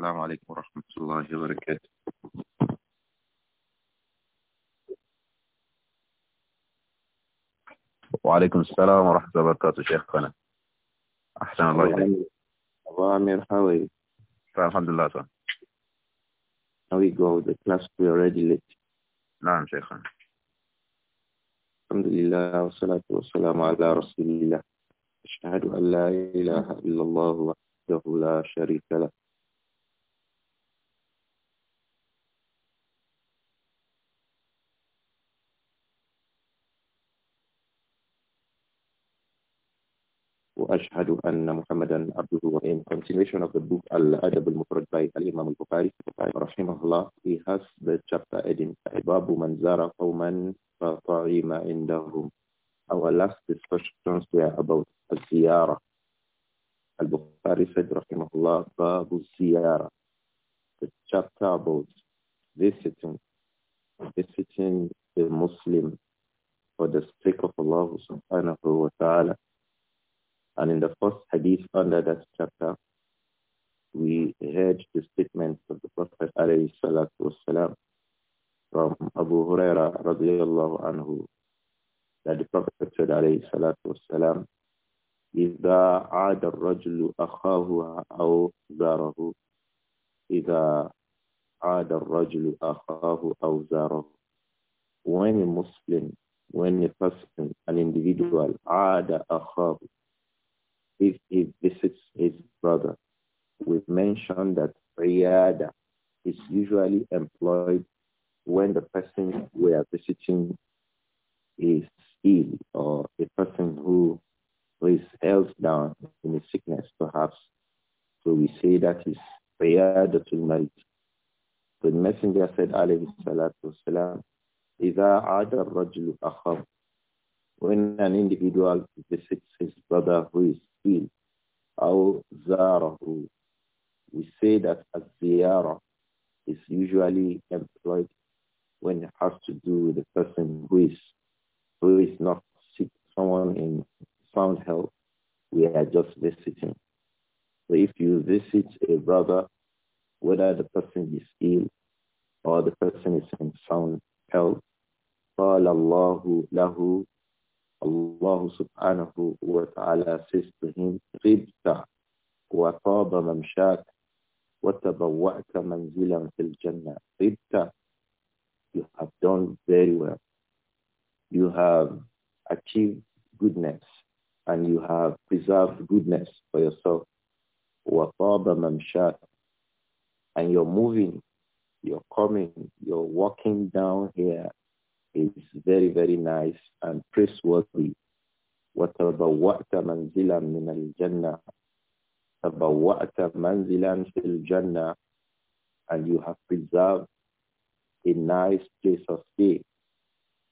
السلام عليكم ورحمة الله وبركاته وعليكم السلام ورحمة الله وبركاته شيخنا أحسن الله إليك أبو عامر how طيب، الحمد لله sir. Now we go the class we already late. نعم شيخنا الحمد لله والصلاة والسلام على رسول الله أشهد أن لا إله إلا الله وحده لا شريك له وأشهد أن محمدا عبده In continuation of the book Al-Adab al by الإمام imam al-Bukhari Rahimahullah He has the chapter heading Babu Manzara قوما فطعم عندهم Our last discussions were about Al-Ziyara Al-Bukhari said Rahimahullah Babu Ziyara The chapter about visiting visiting the Muslim for the sake of Allah subhanahu wa ta'ala And in the first hadith under that chapter, we heard the statements of the Prophet والسلام, from Abu Huraira radiallahu anhu that the Prophet said alayhi salatu wasalam, إذا عاد الرجل أخاه أو زاره إذا عاد الرجل أخاه أو زاره When a Muslim, when a person, an individual, عاد أخاه if he visits his brother. We've mentioned that prayer is usually employed when the person we are visiting is ill or a person who is held down in a sickness perhaps. So we say that is to marid. The messenger said, alayhi salatu wasalam, إِذَا عَادَ الرَّجُلُ أَخَرُ When an individual visits his brother who is him. أو زاره. We say that a الزيارة is usually employed when it has to do with the person who is who is not sick, someone in sound health. We are just visiting. So if you visit a brother, whether the person is ill or the person is in sound health, قال الله له Allah subhanahu wa ta'ala says to Ribta wa taba mamshak wa jannah. Ribta, you have done very well. You have achieved goodness and you have preserved goodness for yourself. Wa taba mamshak. And you're moving, you're coming, you're walking down here is very, very nice and praiseworthy. وَتَبَوَّأْتَ مَنْزِلًا مِنَ الْجَنَّةِ تَبَوَّأْتَ مَنْزِلًا فِي الْجَنَّةِ And you have preserved a nice place of stay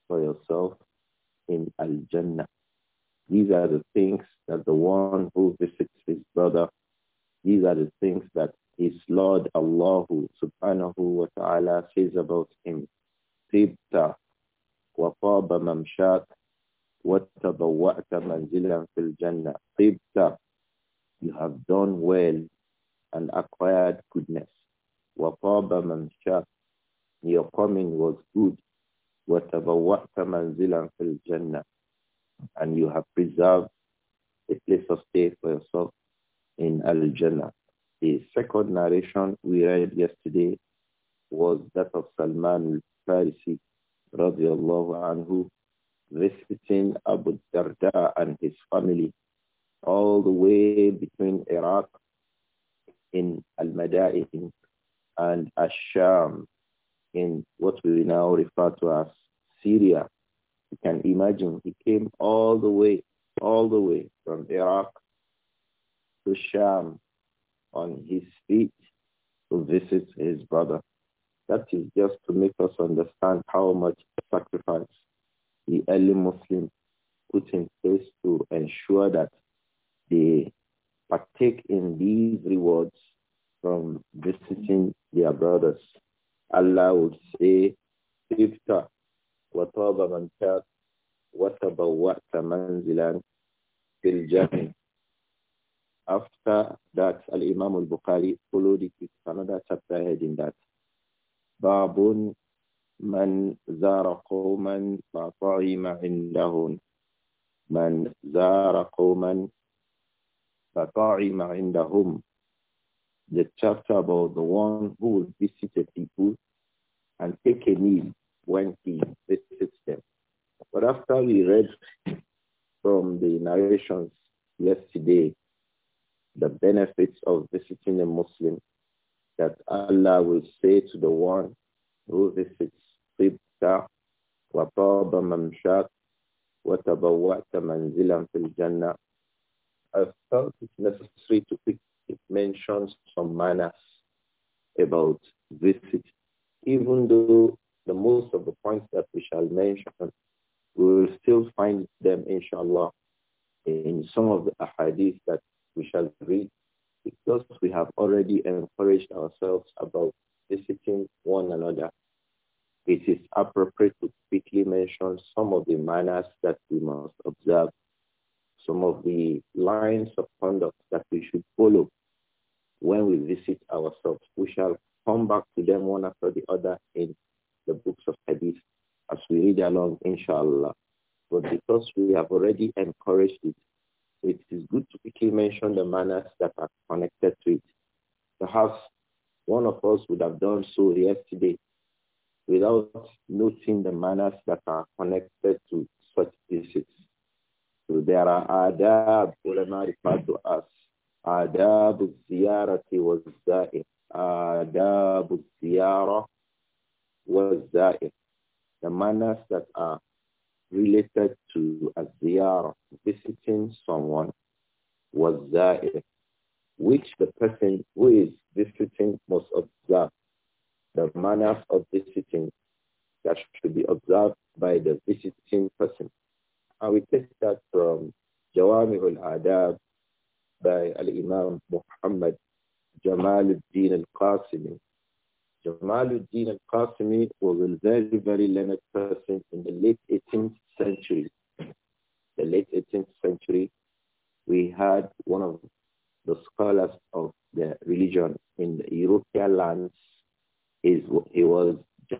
for yourself in Al-Jannah. These are the things that the one who visits his brother, these are the things that his Lord Allah subhanahu wa ta'ala says about him. وطاب ممشاك وتبوأت منزلا في الجنة طبت you have done well and acquired goodness وطاب ممشاك your coming was good وتبوأت منزلا في الجنة and you have preserved a place of stay for yourself in Al-Jannah. The second narration we read yesterday was that of Salman al-Farisi radiallahu anhu, visiting Abu Darda and his family all the way between Iraq in Al-Mada'in and Ash Sham in what we now refer to as Syria. You can imagine he came all the way, all the way from Iraq to Sham on his feet to visit his brother that is just to make us understand how much sacrifice the early Muslims put in place to ensure that they partake in these rewards from visiting their brothers. Allah would say, Ifta, wataba man tab, watabawata manzilan fil jannah. After that, Al-Imam al-Bukhari followed it with another chapter heading that باب من زار قوما فطعم عندهم من زار قوما فطعم عندهم the chapter about the one who will visit the people and take a meal when he visits them. But after we read from the narrations yesterday, the benefits of visiting a Muslim, that Allah will say to the one who visits Tibta, وَطَابَ مَمْشَاكَ وَتَبَوَّأْتَ مَنْزِلًا فِي الْجَنَّةِ I felt it necessary to pick, it mentions some manners about visit, even though the most of the points that we shall mention, we will still find them, inshallah, in some of the ahadith that we shall read because we have already encouraged ourselves about visiting one another, it is appropriate to quickly mention some of the manners that we must observe, some of the lines of conduct that we should follow when we visit ourselves. We shall come back to them one after the other in the books of Hadith as we read along, inshallah. But because we have already encouraged it, it is good to quickly mention the manners that are connected to it. Perhaps one of us would have done so yesterday without noting the manners that are connected to such visits. So there are adab, ulama refer to us, adab ziyarati wa za'im, adab ziyara wa za'im, the manners that are related to a ziyarah, visiting someone, was zair, which the person who is visiting must observe. The manners of visiting that should be observed by the visiting person. And we take that from Jawami al-Adab by Al-Imam Muhammad Jamal al-Din al-Qasimi Jamaluddin al-Qasimi was a very, very learned person in the late 18th century. The late 18th century, we had one of the scholars of the religion in the European lands. Is he was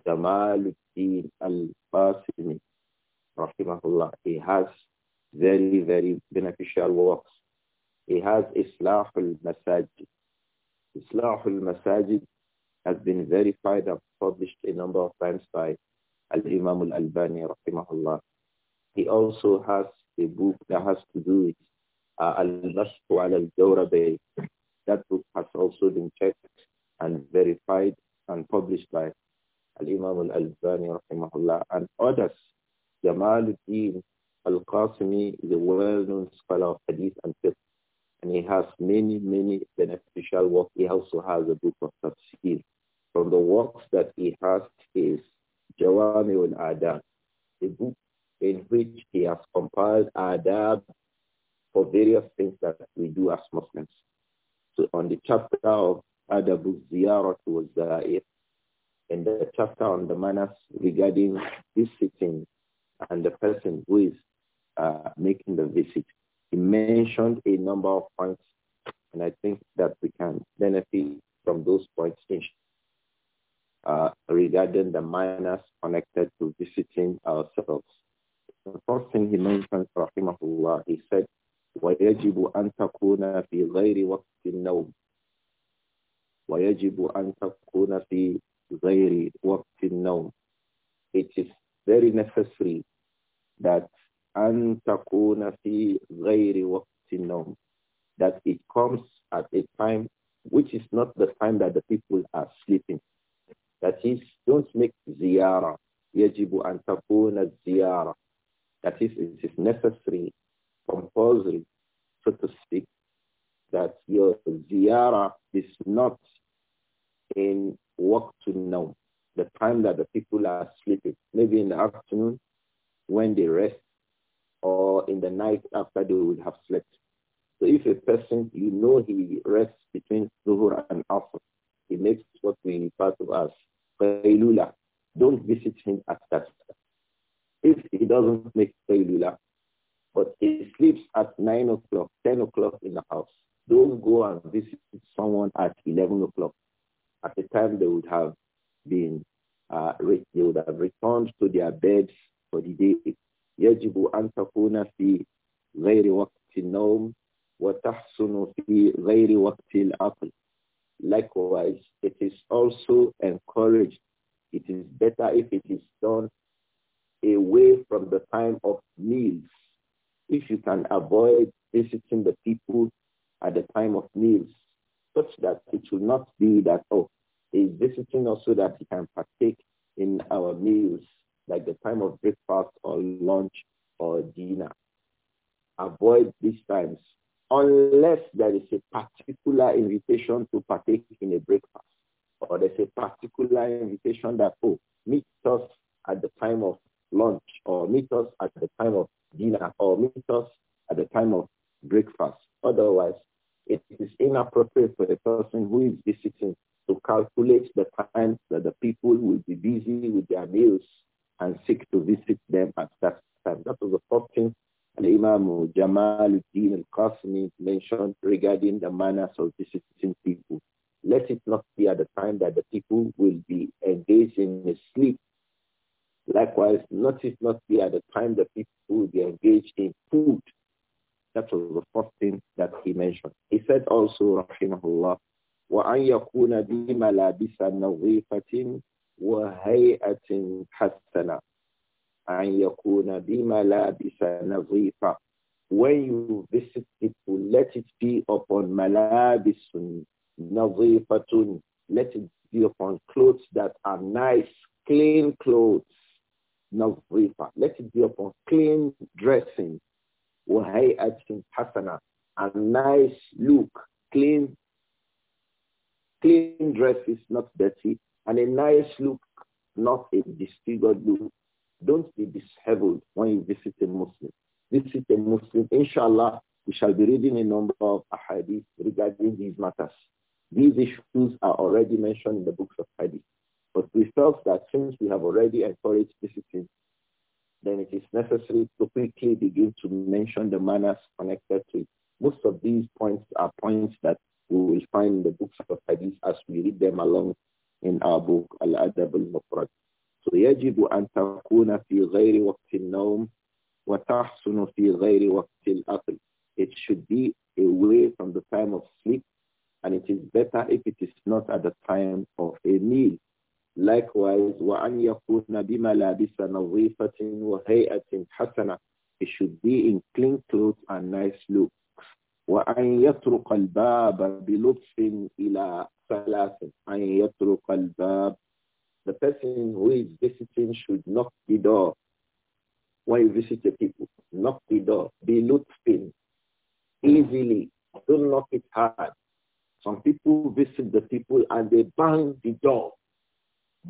Jamaluddin al-Qasimi, rahimahullah. He has very, very beneficial works. He has Islah al-Masajid. Islah al-Masajid has been verified and published a number of times by Al-Imam Al-Albani, rahimahullah. He also has a book that has to do with uh, Al-Bashtu al-Jawrabay. That book has also been checked and verified and published by Al-Imam Al-Albani, rahimahullah, and others. Jamaluddin Al-Qasimi is a well-known scholar of hadith and fiqh, and he has many, many beneficial work. He also has a book of the works that he has is Jawamiun Adab, the book in which he has compiled adab for various things that we do as Muslims. So on the chapter of Adabu Ziyarat was Zair, and the chapter on the manners regarding visiting and the person who is uh, making the visit, he mentioned a number of points, and I think that we can benefit from those points, uh, regarding the minors connected to visiting ourselves. The first thing he mentions, rahimahullah, he said, ويجب أن تكون في غير وقت النوم ويجب أن تكون في غير وقت النوم It is very necessary that أن تكون في غير وقت النوم that it comes at a time which is not the time that the people are sleeping that is, don't make ziyara. يجب أن تكون الزيارة. That is, it is necessary, compulsory, so to speak, that your ziyara is not in work to know, the time that the people are sleeping, maybe in the afternoon when they rest or in the night after they would have slept. So if a person, you know he rests between Zuhur and Asr, it makes what we refer to as Qailula. Don't visit him at that time. If he doesn't make Qailula, but he sleeps at 9 o'clock, 10 o'clock in the house, don't go and visit someone at 11 o'clock. At the time they would have been, uh, they would have returned to their beds for the day. يجب أن تكون في غير وقت النوم وتحسن في غير وقت العقل Likewise, it is also encouraged. It is better if it is done away from the time of meals. If you can avoid visiting the people at the time of meals, such that it will not be that, oh, is visiting us so that he can partake in our meals, like the time of breakfast or lunch or dinner. Avoid these times unless there is a particular invitation to partake in a breakfast or there's a particular invitation that, oh, meet us at the time of lunch or meet us at the time of dinner or meet us at the time of breakfast. Otherwise, it is inappropriate for the person who is visiting to calculate the time that the people will be busy with their meals and seek to visit them at that time. That was the first thing Al-Imam Jamaluddin al-Qasmi mentioned regarding the manners of visiting people. Let it not be at the time that the people will be engaged in sleep. Likewise, let it not be at the time that people will be engaged in food. That was the first thing that he mentioned. He said also, rahimahullah, وأن يكون بملابس نظيفة وهيئة حسنة أن يكون بملابس نظيفة when you visit people let it be upon ملابس نظيفة let it be upon clothes that are nice clean clothes نظيفة let it be upon clean dressing وهيئة حسنة a nice look clean clean dress is not dirty and a nice look not a disfigured look don't be disheveled when you visit a Muslim. Visit a Muslim. Inshallah, we shall be reading a number of ahadith regarding these matters. These issues are already mentioned in the books of hadith. But we felt that since we have already encouraged visiting, then it is necessary to quickly begin to mention the manners connected to it. Most of these points are points that we will find in the books of hadith as we read them along in our book, Al-Adab al-Mufrad. يجب أن تكون في غير وقت النوم وتحسن في غير وقت الأكل. It should be away from the time of sleep and it is better if it is not at the time of a meal. Likewise, وأن يكون بملابس نظيفة وهيئة حسنة. It should be in clean clothes and nice looks. وأن يطرق الباب بلطف إلى ثلاث. أن يطرق الباب the person who is visiting should knock the door. When you visit the people, knock the door. Be looting Easily. Don't knock it hard. Some people visit the people and they bang the door.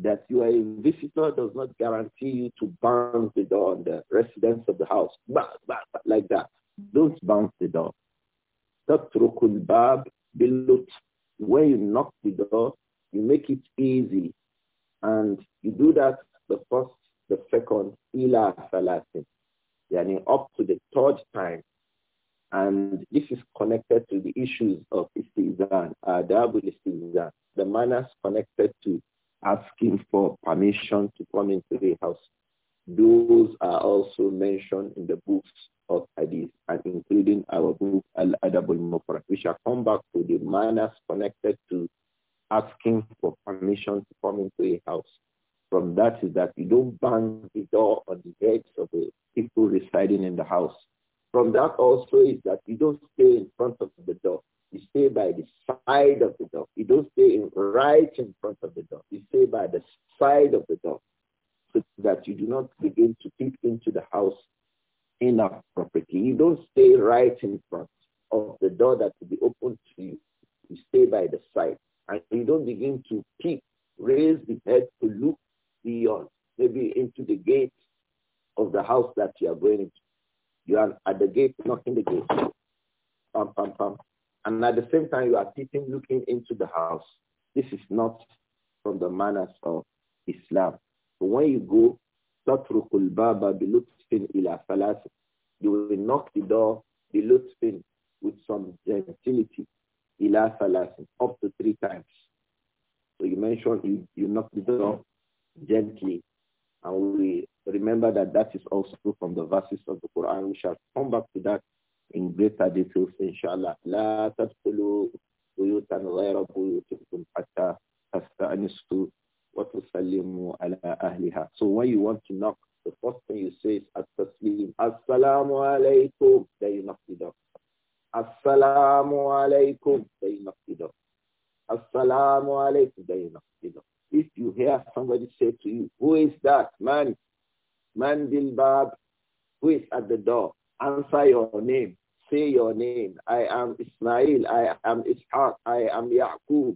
That you are a visitor does not guarantee you to bang the door on the residents of the house. Bang, bang, like that. Don't bounce the door. Tatrukul bab billut. When you knock the door, you make it easy. And you do that the first, the second, ila salatin, yani up to the third time. And this is connected to the issues of istizan, adabul istizan, the manners connected to asking for permission to come into the house. Those are also mentioned in the books of Hadith and including our book Al-Adab al-Mufrad. We shall come back to the manners connected to asking for permission to come into a house. From that is that you don't bang the door on the heads of the people residing in the house. From that also is that you don't stay in front of the door. You stay by the side of the door. You don't stay in, right in front of the door. You stay by the side of the door so that you do not begin to peek into the house inappropriately. You don't stay right in front of the door that will be open to you. You stay by the side. And you don't begin to peep, raise the head to look beyond, maybe into the gate of the house that you are going into. You are at the gate, knocking the gate. Pam, pam, pam. And at the same time, you are peeping, looking into the house. This is not from the manners of Islam. But when you go, bilutfin ila falas, you will knock the door bilutfin with some gentility, ila salasin, up to three times. So you mentioned you, you knock the door gently. And we remember that that is also from the verses of the Quran. We shall come back to that in greater details, inshallah. So when you want to knock, the first thing you say is As-salamu assalamu alaikum, then you knock the door. Assalamu alaikum, then you knock it off. Assalamu If you hear somebody say to you, who is that? Man, man bilbab, who is at the door? Answer your name. Say your name. I am Ismail. I am Ishaq. I am Yaqub.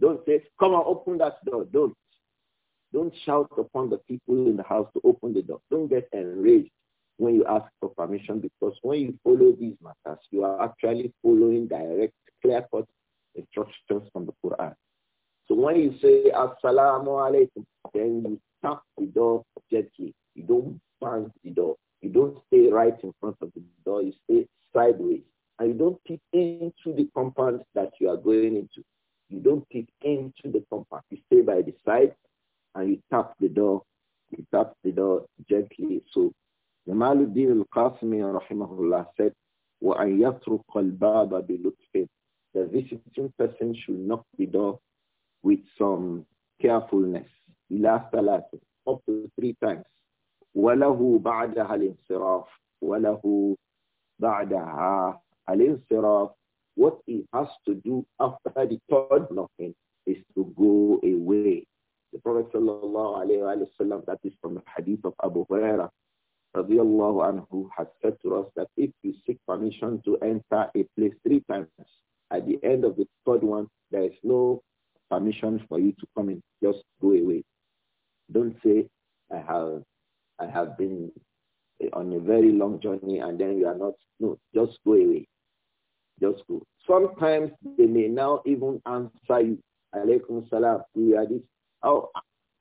Don't say, come and open that door. Don't. Don't shout upon the people in the house to open the door. Don't get enraged when you ask for permission because when you follow these matters, you are actually following direct, clear-cut instructions from the Quran. So when you say Assalamu alaikum, then you tap the door gently. You don't bang the door. You don't stay right in front of the door. You stay sideways. And you don't peek into the compound that you are going into. You don't peek into the compound. You stay by the side and you tap the door. You tap the door gently. So Jamaluddin al-Qasimi rahimahullah said, وَأَنْ يَطْرُقَ الْبَابَ بِلُطْفٍ The visiting person should knock the door with some carefulness. إِلَى ثَلَاثٍ Up to three times. وَلَهُ بَعْدَهَا الْإِنْصِرَافِ وَلَهُ بَعْدَهَا الْإِنْصِرَافِ What he has to do after the third knocking is to go away. The Prophet sallallahu alayhi wa sallam, that is from the hadith of Abu Hurairah, radiallahu anhu has said to us that if you seek permission to enter a place three times, at the end of the third one, there is no permission for you to come in. Just go away. Don't say, I have, I have been on a very long journey and then you are not. No, just go away. Just go. Sometimes they may now even answer you, alaykum salam, we are this. Oh,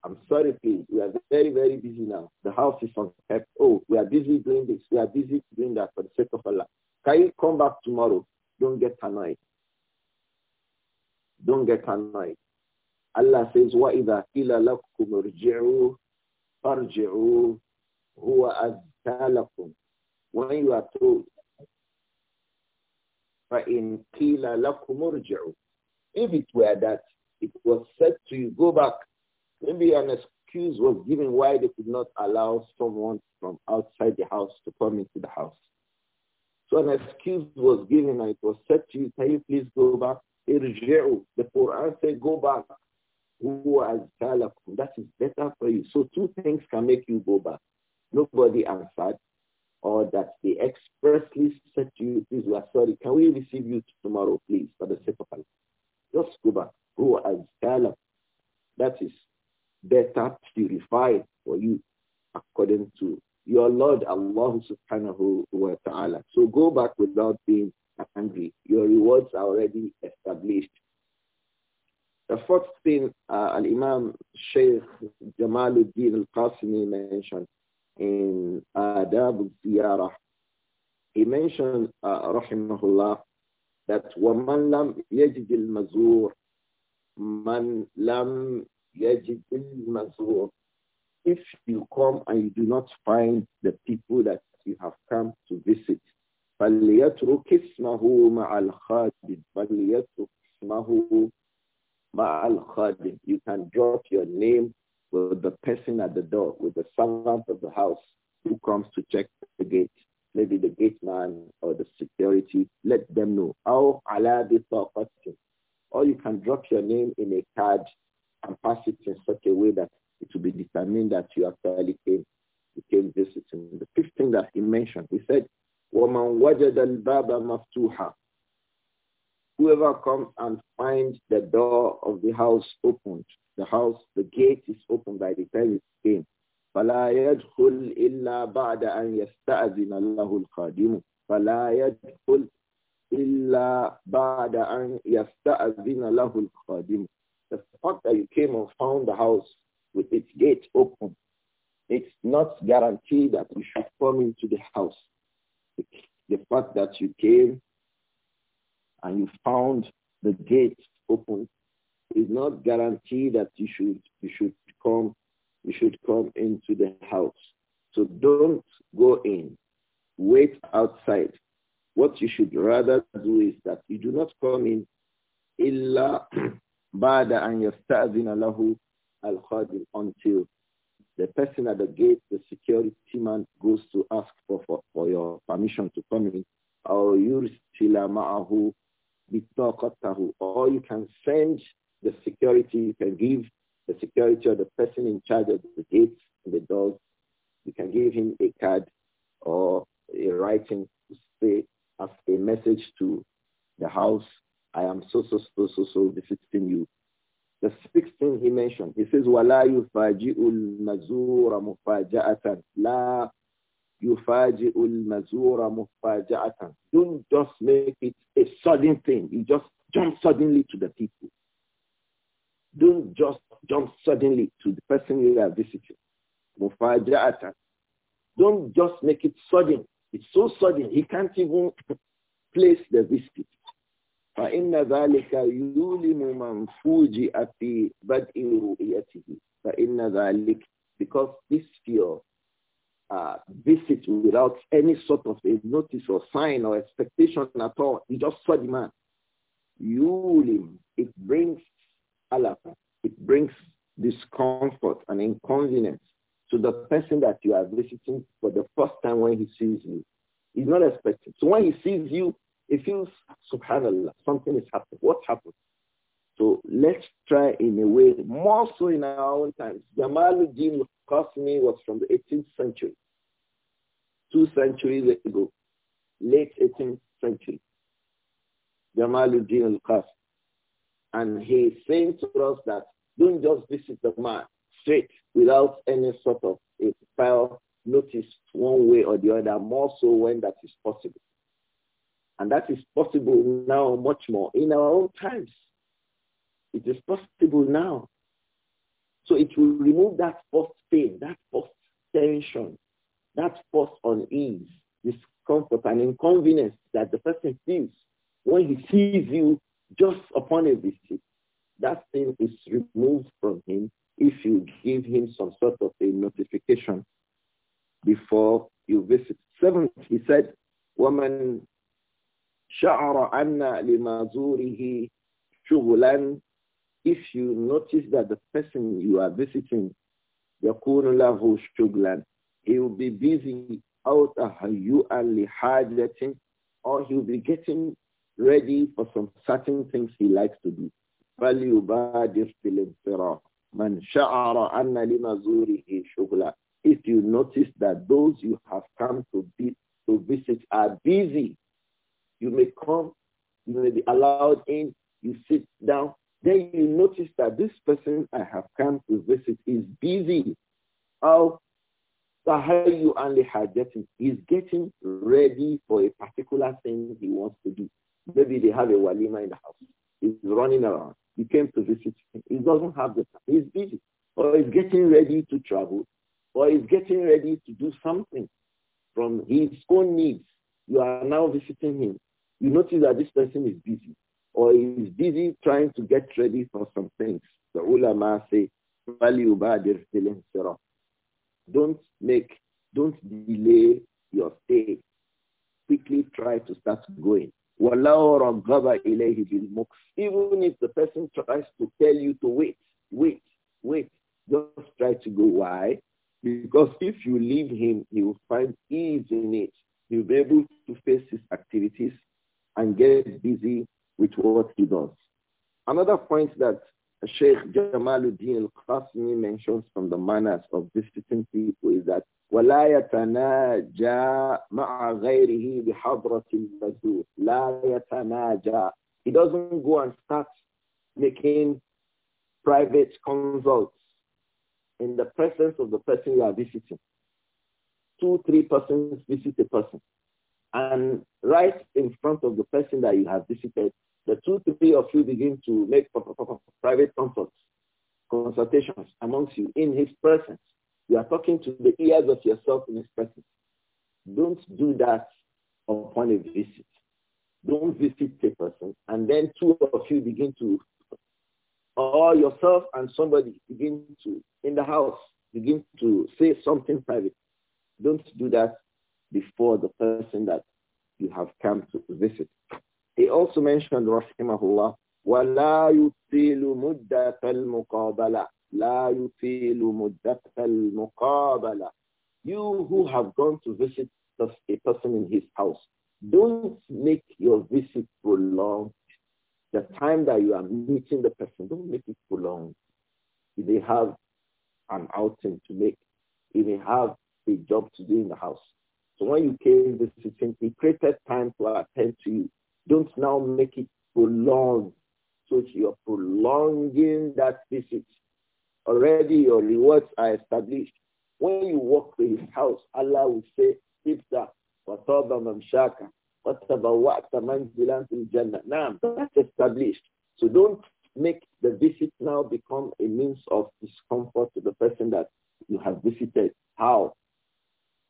I'm sorry, please. We are very, very busy now. The house is on heck. Oh, we are busy doing this. We are busy doing that for the sake of Allah. Can you come back tomorrow? Don't get annoyed. Don't get annoyed. Allah says, وَإِذَا قِيلَ لَكُمْ ارْجِعُوا فَارْجِعُوا هُوَ أَزْكَى لَكُمْ When you are told, فَإِنْ قِيلَ لَكُمْ ارْجِعُوا If it were that, it was said to you, go back. Maybe an excuse was given why they could not allow someone from outside the house to come into the house. So an excuse was given and it was said to you, can you please go back? Irji'u. The Quran said, go back. That is better for you. So two things can make you go back. Nobody answered or that they expressly said to you, please, we are sorry. Can we receive you tomorrow, please, for the sake of Allah? Just go back. Go as That is better purified for you according to your Lord Allah subhanahu wa ta'ala. So go back without being angry. Your rewards are already established. The fourth thing uh, Al-Imam Sheikh Jamaluddin Al-Qasimi mentioned in Adab Ziyarah, he mentioned, uh, rahimahullah, that وَمَنْ لَمْ يَجِدِ الْمَزُورِ مَنْ لَمْ if you come and you do not find the people that you have come to visit, You can drop your name with the person at the door, with the servant of the house who comes to check the gate. Maybe the gate man or the security, let them know. Or you can drop your name in a card and pass it in such a way that it will be determined that you actually came, you came visiting. The fifth thing that he mentioned, he said, "Woman, وَمَنْ وَجَدَ الْبَابَ مَفْتُوحًا Whoever comes and finds the door of the house opened, the house, the gate is open by the time he came. فَلَا يَدْخُلْ إِلَّا بَعْدَ أَنْ يَسْتَأْذِنَ الله القادم فَلَا يَدْخُلْ إِلَّا بَعْدَ أَنْ يَسْتَأْذِنَ الله القادم." The fact that you came and found the house with its gate open, it's not guaranteed that you should come into the house. The, the fact that you came and you found the gate open is not guaranteed that you should you should come you should come into the house. So don't go in. Wait outside. What you should rather do is that you do not come in illa بعد أن يستأذن Al Khadim until the person at the gate, the security man goes to ask for, for, for your permission to come in or yursila ma'ahu bitaqatahu or you can send the security, you can give the security or the person in charge of the gates and the doors, you can give him a card or a writing to say as a message to the house I am so, so, so, so, so visiting you. The sixth thing he mentioned, he says, وَلَا يُفَاجِئُ الْمَزُورَ مُفَاجَأَةً لَا يُفَاجِئُ الْمَزُورَ مُفَاجَأَةً Don't just make it a sudden thing. You just jump suddenly to the people. Don't just jump suddenly to the person you are visiting. Mufaja'atan. Don't just make it sudden. It's so sudden, he can't even place the visit. فإن ذلك يؤلم من فوجئ في بدء رؤيته فإن ذلك because this fear uh, visit without any sort of a notice or sign or expectation at all. He just saw the man. Yulim, it brings alarm. It brings discomfort and inconvenience to the person that you are visiting for the first time when he sees you. He's not expecting. So when he sees you, it feels, subhanAllah, something is happening. What happened? So let's try in a way, more so in our own times. Jamaluddin Qasmi was from the 18th century, two centuries ago, late 18th century. Jamaluddin qasmi And he's saying to us that don't just visit the man straight without any sort of a prior notice one way or the other, more so when that is possible. And that is possible now much more in our own times. It is possible now. So it will remove that first pain, that first tension, that first unease, discomfort and inconvenience that the person feels when he sees you just upon a visit. That thing is removed from him if you give him some sort of a notification before you visit. Seventh, he said, woman شعر أن لمزوره شغلا if you notice that the person you are visiting يكون له شغلا he will be busy are تهيئا لحاجة or he will be getting ready for some certain things he likes to do فليبادر في من شعر أن لمزوره شغلا if you notice that those you have come to, be, to visit are busy you may come, you may be allowed in, you sit down. Then you notice that this person I have come to visit is busy. How Sahayu and Hajati is getting ready for a particular thing he wants to do. Maybe they have a walima in the house. He's running around. He came to visit. He doesn't have the time. He's busy. Or he's getting ready to travel. Or he's getting ready to do something from his own needs. You are now visiting him you notice that this person is busy or is busy trying to get ready for some things. The ulama say, don't make, don't delay your stay. Quickly try to start going. Even if the person tries to tell you to wait, wait, wait, just try to go. Why? Because if you leave him, he will find ease in it. He'll be able to face his activities and get busy with what he does. Another point that Sheikh Jamaluddin al-Qasmi mentions from the manners of visiting people is that ولا يتناجى مع غيره بحضرة المزور لا يتناجى He doesn't go and start making private consults in the presence of the person you are visiting. Two, three persons visit a person and right in front of the person that you have visited, the two, three of you begin to make private comforts, consultations amongst you in his presence. You are talking to the ears of yourself in his presence. Don't do that upon a visit. Don't visit a person and then two of you begin to, or yourself and somebody begin to, in the house, begin to say something private. Don't do that before the person that you have come to visit. He also mentioned, rahimahullah, وَلَا يُطِيلُ مُدَّةَ الْمُقَابَلَةِ لَا يُطِيلُ مُدَّةَ الْمُقَابَلَةِ You who have gone to visit a person in his house, don't make your visit prolonged. The time that you are meeting the person, don't make it prolonged. If they have an outing to make, if they have a job to do in the house, so when you came visiting, he created time to attend to you. Don't now make it prolonged. So you're prolonging that visit. Already your rewards are established. When you walk to his house, Allah will say, Ifta, Wataba Mamshaka, Wataba Wata Manzilan Jannah. Now, that's established. So don't make the visit now become a means of discomfort to the person that you have visited. How?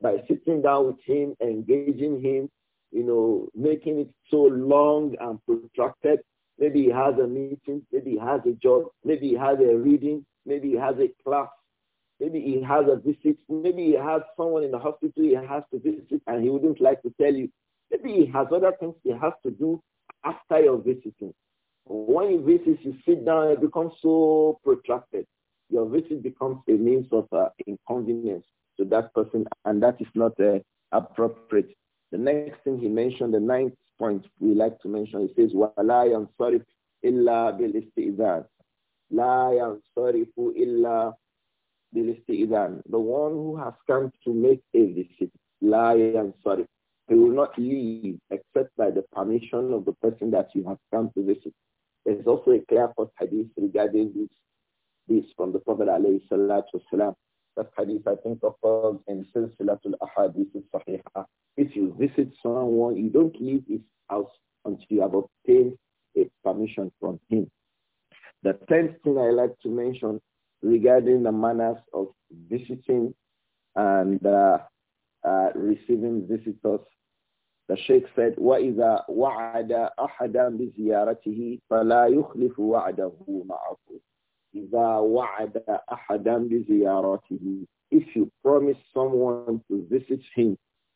by sitting down with him, engaging him, you know, making it so long and protracted. Maybe he has a meeting, maybe he has a job, maybe he has a reading, maybe he has a class, maybe he has a visit, maybe he has someone in the hospital he has to visit and he wouldn't like to tell you. Maybe he has other things he has to do after your visiting. When you visit, you sit down, it becomes so protracted. Your visit becomes a means of uh, inconvenience to that person, and that is not uh, appropriate. The next thing he mentioned, the ninth point we like to mention, he says, yam illa وَلَا يَنْصَرِفْ "La yam لَا illa إِلَّا بِالْإِسْتِئِذَانِ The one who has come to make a visit, "La yam يَنْصَرِفْ He will not leave except by the permission of the person that you have come to visit. There's also a clear-cut hadith regarding this, this from the Prophet alayhi salatu wasalam that hadith, I think, occurs in Silsilatul Ahadith Sahihah. If you visit someone, you don't leave his house until you have obtained a permission from him. The tenth thing I like to mention regarding the manners of visiting and uh, uh, receiving visitors, the Sheikh said, وَإِذَا وَعَدَ أَحَدًا بِزِيَارَتِهِ فَلَا يُخْلِفُ وَعْدَهُ مَعَهُ إذا وعد أحدا بزيارته if you promise someone to visit him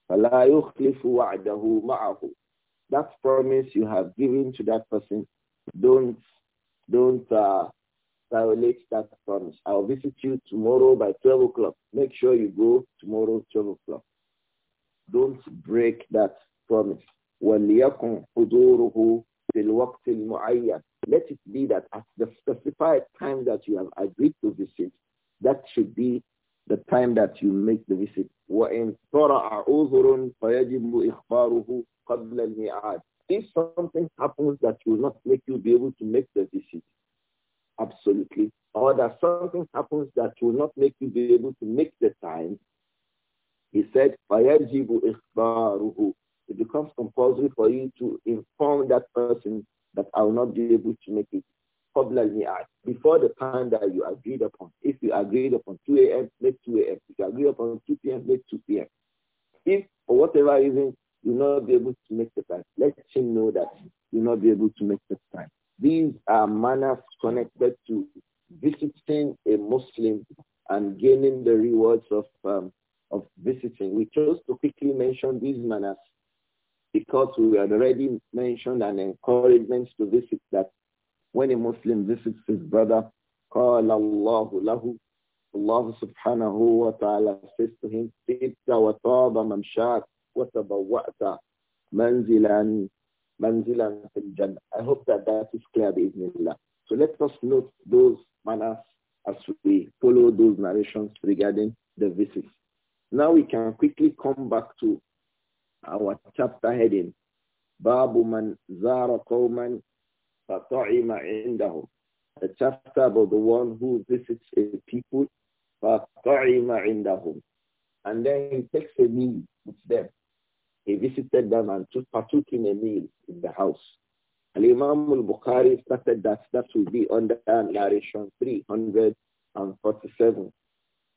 فلا يخلف وعده معه that promise you have given to that person don't don't uh, violate that promise I'll visit you tomorrow by 12 o'clock make sure you go tomorrow 12 o'clock don't break that promise وليكن حضوره في الوقت المعين let it be that at the specified time that you have agreed to visit, that should be the time that you make the visit. If something happens that will not make you be able to make the visit, absolutely, or that something happens that will not make you be able to make the time, he said, It becomes compulsory for you to inform that person that I will not be able to make it. Before the time that you agreed upon. If you agreed upon 2 a.m., make 2 a.m. If you agreed upon 2 p.m., make 2 p.m. If, for whatever reason, you will not be able to make the time, let him know that you will not be able to make the time. These are manners connected to visiting a Muslim and gaining the rewards of um, of visiting. We chose to quickly mention these manners because we had already mentioned an encouragement to visit that when a Muslim visits his brother, call Allah, له Allah subhanahu wa ta'ala says to him, Tibta wa taba mamshat wa tabawwa'ta manzilan manzilan fil jannah. I hope that that is clear bi'idhnillah. So let us note those manners as we follow those narrations regarding the visits. Now we can quickly come back to our chapter heading, Babu Man Zara Qawman Fata'ima Indahum. The chapter about the one who visits a people, Fata'ima Indahum. And then he takes a meal with them. He visited them and took, partook in a meal in the house. Al-Imam al-Bukhari started that. That will be under narration 347.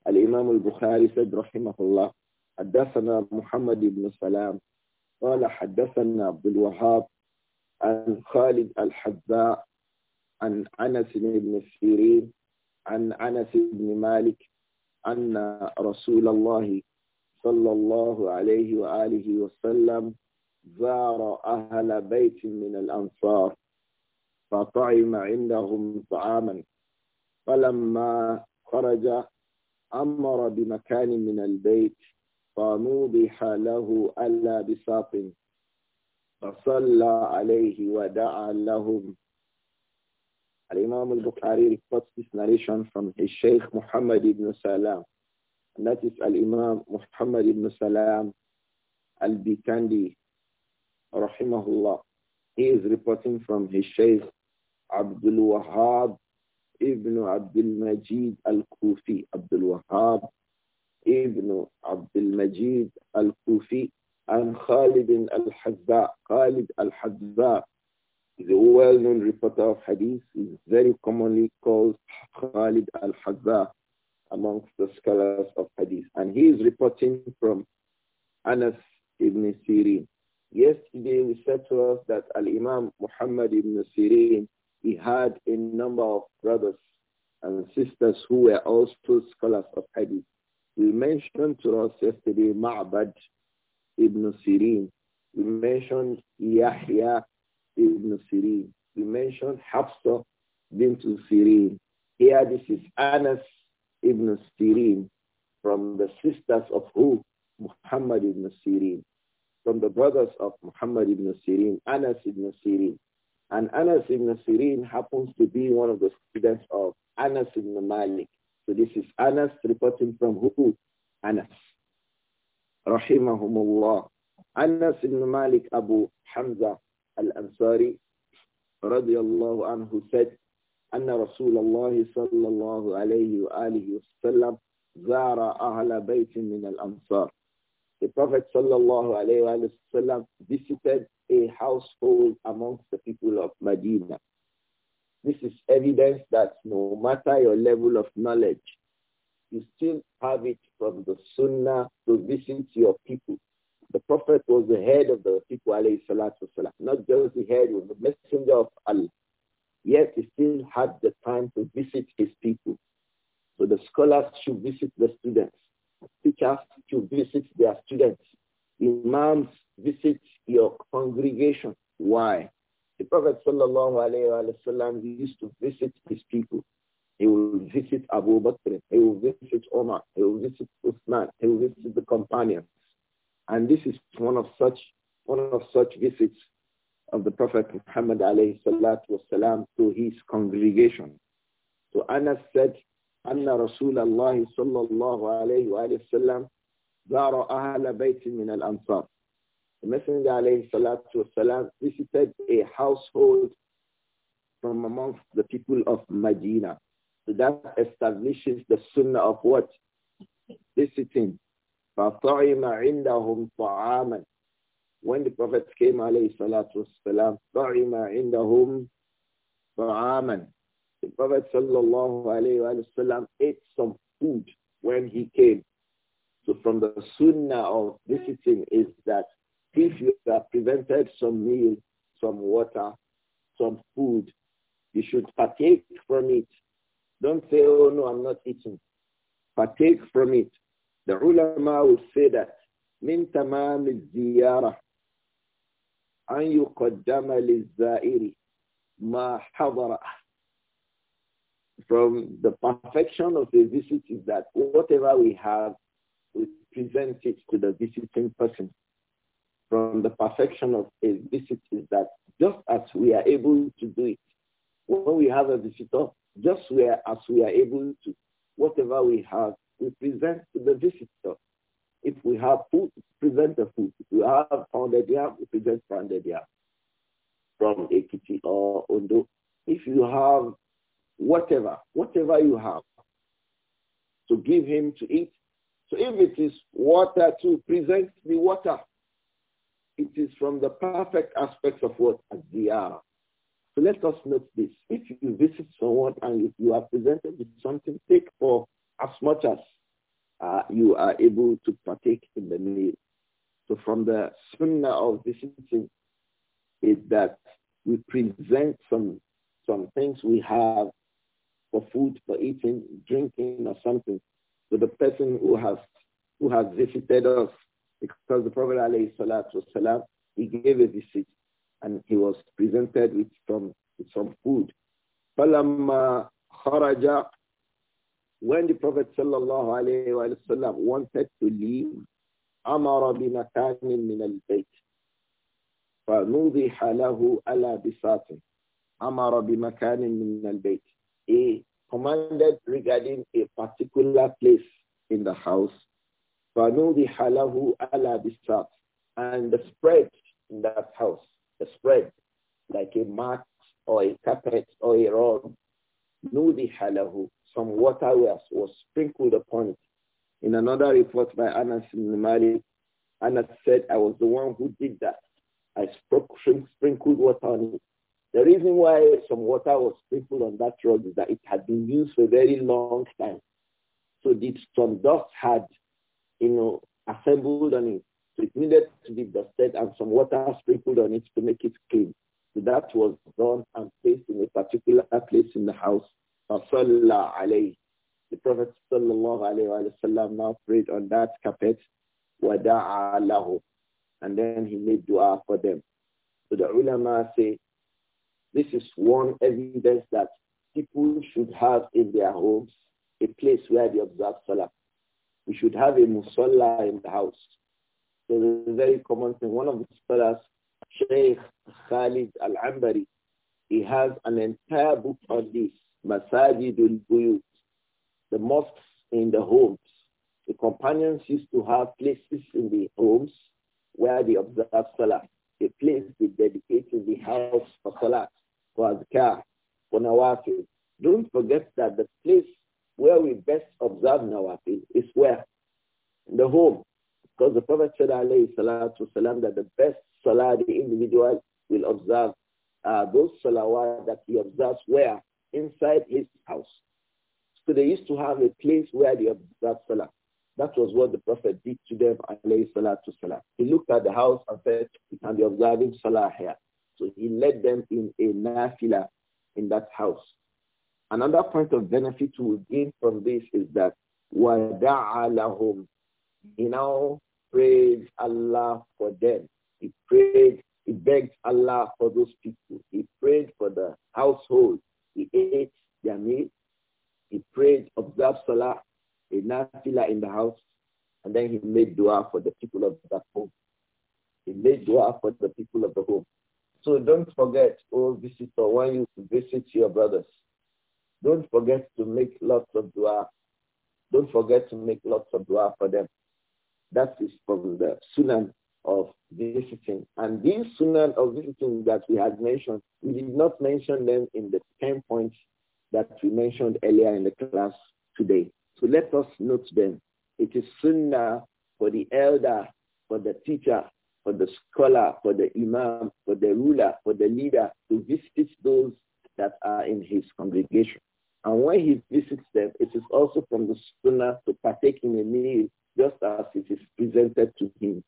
Al-Imam al-Bukhari said, Rahimahullah, حدثنا محمد بن سلام قال حدثنا عبد الوهاب عن خالد الحذاء عن أنس بن سيرين عن أنس بن مالك أن رسول الله صلى الله عليه وآله وسلم زار أهل بيت من الأنصار فطعم عندهم طعاما فلما خرج أمر بمكان من البيت فنوضح له ألا بساط فصلى عليه ودعا لهم الإمام البخاري reports this narration from his Sheikh Muhammad ibn Salam and that is Al-Imam Muhammad ibn Salam Al-Bikandi rahimahullah he is reporting from his shaykh Abdul Wahab ibn Abdul Majid Al-Kufi Abdul Wahab Ibn al Majid Al-Kufi and Khalid Al-Hazza. Khalid Al-Hazza is a well-known reporter of hadith. is very commonly called Khalid Al-Hazza amongst the scholars of hadith. And he is reporting from Anas Ibn Sirin. Yesterday we said to us that Al-Imam Muhammad Ibn Sirin, he had a number of brothers and sisters who were also scholars of hadith. We mentioned to us yesterday Ma'bad ibn Sirin. We mentioned Yahya ibn Sirin. We mentioned Hafsa bint Sirin. Here this is Anas ibn Sirin from the sisters of who? Muhammad ibn Sirin. From the brothers of Muhammad ibn Sirin, Anas ibn Sirin. And Anas ibn Sirin happens to be one of the students of Anas ibn Malik. So this is Anas reporting from who? Anas. Rahimahumullah. Anas ibn Malik Abu Hamza al-Ansari radiallahu anhu said, أن رسول الله صلى الله عليه وآله وسلم زار أهل بيت من الأنصار. The Prophet صلى الله عليه وآله وسلم visited a household amongst the people of Medina. This is evidence that no matter your level of knowledge, you still have it from the Sunnah to visit your people. The Prophet was the head of the people, alayhi salatu Not just the head, he was the messenger of Allah. Yet he still had the time to visit his people. So the scholars should visit the students. Teachers should visit their students. Imams visit your congregation. Why? The Prophet وسلم, used to visit his people. He will visit Abu Bakr, he will visit Omar, he will visit Uthman, he will visit the companions. And this is one of such one of such visits of the Prophet Muhammad wasalam to his congregation. So Anas said, أن Rasulallah الله صلى الله عليه وآله وسلم زار min al-Ansar. The Messenger alayhi salatu wasalam visited a household from amongst the people of Medina. So that establishes the sunnah of what? Visiting. فَطَعِمَ عِنْدَهُمْ طَعَامًا When the Prophet came, alayhi salatu wasalam, طَعِمَ عِنْدَهُمْ طَعَامًا The Prophet sallallahu alayhi wasallam ate some food when he came. So from the sunnah of visiting is that if you have prevented some meal, some water, some food, you should partake from it. Don't say, oh no, I'm not eating. Partake from it. The ulama would say that, من تمام الزيارة أن يقدم للزائر ma حضره from the perfection of the visit is that whatever we have, we present it to the visiting person from the perfection of a visit is that just as we are able to do it, when we have a visitor, just where as we are able to, whatever we have, we present to the visitor. If we have food, present the food. If we have pounded yam, we present pounded there from Ekiti or Ondo. If you have whatever, whatever you have, to give him to eat. So if it is water, to present the water it is from the perfect aspects of what are. So let us note this. If you visit someone and if you are presented with something, take for as much as uh, you are able to partake in the meal. So from the sunnah of visiting is that we present some some things we have for food, for eating, drinking or something to the person who has who has visited us because the Prophet والسلام, he gave a visit and he was presented with some, with some food. When the Prophet sallallahu wanted to leave, أمر بمكان من البيت فنوضح له على بساط أمر بمكان من البيت he commanded regarding a particular place in the house فَنُوْضِحَ And the spread in that house, the spread, like a mat or a carpet or a rug, نُوْضِحَ لَهُ Some water was, was sprinkled upon it. In another report by Anas ibn Malik, Anas said, I was the one who did that. I sprinkled water on it. The reason why some water was sprinkled on that rug is that it had been used for a very long time. So did some dust had you know, assembled on it. So it needed to be dusted and some water sprinkled on it to make it clean. So that was done and placed in a particular place in the house. Sallallahu alayhi. The Prophet sallallahu alayhi wasallam now prayed on that carpet. Wada'a lahu. And then he made dua for them. So the ulama say, this is one evidence that people should have in their homes a place where they observe salah we should have a musalla in the house. So this is a very common thing. One of the scholars, Sheikh Khalid Al-Ambari, he has an entire book on this, Masajidul Buyut, the mosques in the homes. The companions used to have places in the homes where they observe Salah, a place they dedicate in the house for Salah, for Azkar, for Nawafil. Don't forget that the place where we best observe now is where? In the home. Because the Prophet said, salatu salam, that the best salah the individual will observe those salawat that he observes where? Inside his house. So they used to have a place where they observed salah. That was what the Prophet did to them, alayhi salatu salam. He looked at the house and said, we can be observing salah here. So he led them in a nafila in that house. Another point of benefit we gain from this is that وَدَعَ He now praised Allah for them. He prayed, he begged Allah for those people. He prayed for the household. He ate their meal. He prayed, observed Salah, a nafila in the house, and then he made dua for the people of that home. He made dua for the people of the home. So don't forget, oh visitor, when you visit your brothers, don't forget to make lots of dua. Don't forget to make lots of dua for them. That is from the sunan of visiting. And these sunan of visiting that we had mentioned, we did not mention them in the 10 points that we mentioned earlier in the class today. So let us note them. It is sunnah for the elder, for the teacher, for the scholar, for the imam, for the ruler, for the leader to visit those that are in his congregation. And when he visits them, it is also from the sunnah to partake in a meal just as it is presented to him.